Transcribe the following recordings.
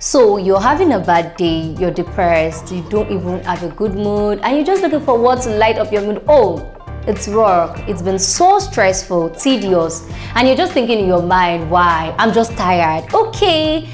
So you're having a bad day, you're depressed, you don't even have a good mood, and you're just looking for what to light up your mood. Oh, it's work, it's been so stressful, tedious, and you're just thinking in your mind, why? I'm just tired. Okay,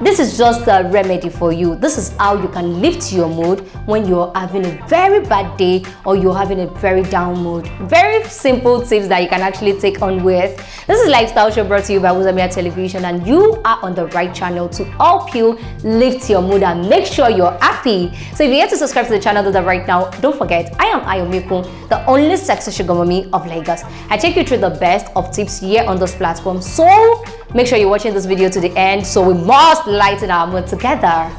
this is just a remedy for you. This is how you can lift your mood when you're having a very bad day or you're having a very down mood. Very simple tips that you can actually take on with. This is Lifestyle Show brought to you by Wuzamia Television and you are on the right channel to help you lift your mood and make sure you're happy. So if you're here to subscribe to the channel, do that right now. Don't forget, I am Ayomiku, the only sexy sugar mommy of Lagos. I take you through the best of tips here on this platform. So Make sure you're watching this video to the end so we must lighten our mood together.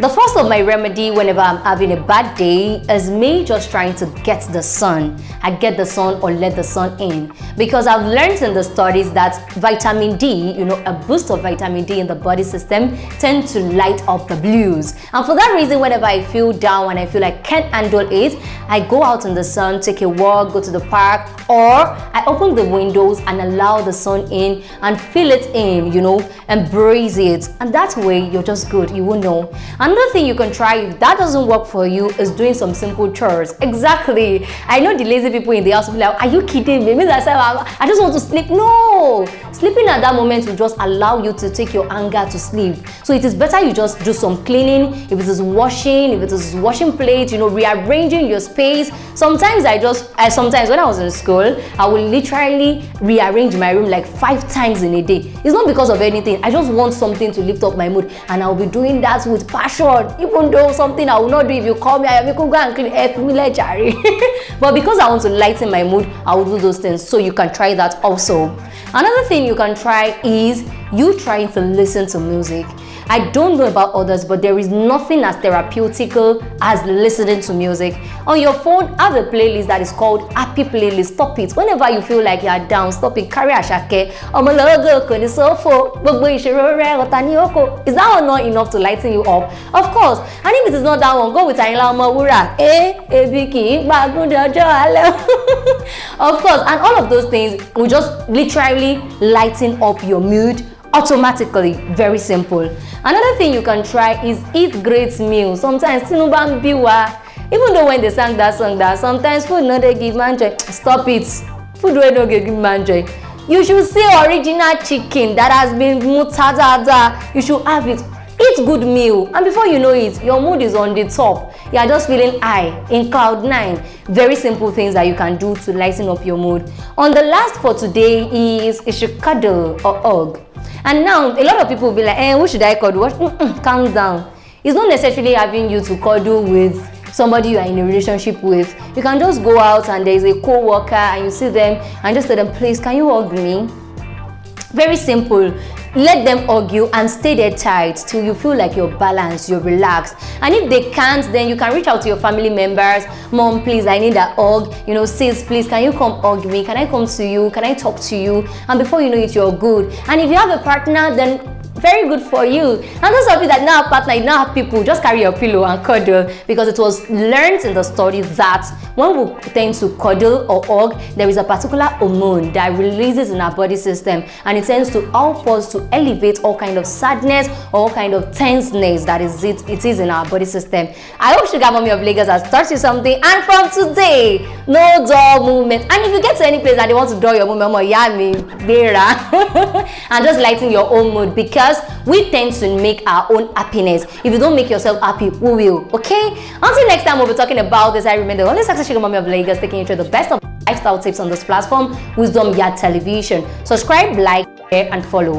The first of my remedy whenever I'm having a bad day is me just trying to get the sun. I get the sun or let the sun in because I've learned in the studies that vitamin D, you know, a boost of vitamin D in the body system tend to light up the blues. And for that reason, whenever I feel down and I feel like can't handle it, I go out in the sun, take a walk, go to the park, or I open the windows and allow the sun in and feel it in, you know, embrace it. And that way you're just good, you will know. And Another thing you can try if that doesn't work for you is doing some simple chores. Exactly. I know the lazy people in the house will be like, are you kidding me? I I just want to sleep. No! Sleeping at that moment will just allow you to take your anger to sleep. So it is better you just do some cleaning. If it is washing, if it is washing plates, you know, rearranging your space. Sometimes I just, sometimes when I was in school, I would literally rearrange my room like five times in a day. It's not because of anything. I just want something to lift up my mood and I'll be doing that with passion even though something I will not do if you call me, I will go and clean help me Jerry. but because I want to lighten my mood, I will do those things. So you can try that also. Another thing you can try is you trying to listen to music. I don't know about others, but there is nothing as therapeutic as listening to music. On your phone, have a playlist that is called Happy Playlist. Stop it. Whenever you feel like you're down, stop it. Carry Asake. Is that one not enough to lighten you up? Of course. And if it is not that one, go with Ayinla Omowura. Eh, Ebiki, Of course. And all of those things will just literally lighten up your mood automatically very simple another thing you can try is eat great meal sometimes even though when they sang that song that sometimes food no they give man joy stop it food wey no give man joy you should see original chicken that has been mutada you should have it eat good meal and before you know it your mood is on the top you are just feeling high in cloud nine very simple things that you can do to lighten up your mood on the last for today is ishikado or og and now, a lot of people will be like, eh, who should I cuddle? What? Mm -mm, calm down. It's not necessarily having you to cuddle with somebody you are in a relationship with. You can just go out and there is a co-worker and you see them and just tell them, please, can you hug me? Very simple. Let them argue and stay there tight till you feel like you're balanced, you're relaxed. And if they can't, then you can reach out to your family members. Mom, please, I need that hug. You know, sis, please, can you come hug me? Can I come to you? Can I talk to you? And before you know it, you're good. And if you have a partner, then very good for you. And those of you that now have partner, you now have people, just carry your pillow and cuddle because it was learned in the study that when we tend to cuddle or hug, there is a particular hormone that releases in our body system and it tends to help us to elevate all kind of sadness, all kind of tenseness that is it, it is in our body system. I hope Sugar Mommy of Lagos has taught you something and from today, no dull movement. And if you get to any place that they want to draw your movement, or yami, bera, and just lighten your own mood because we tend to make our own happiness. If you don't make yourself happy, who will? Okay? Until next time, we'll be talking about this. I remember the only successful mommy of Lagos taking you through the best of lifestyle tips on this platform, Wisdom Yard Television. Subscribe, like, share, and follow.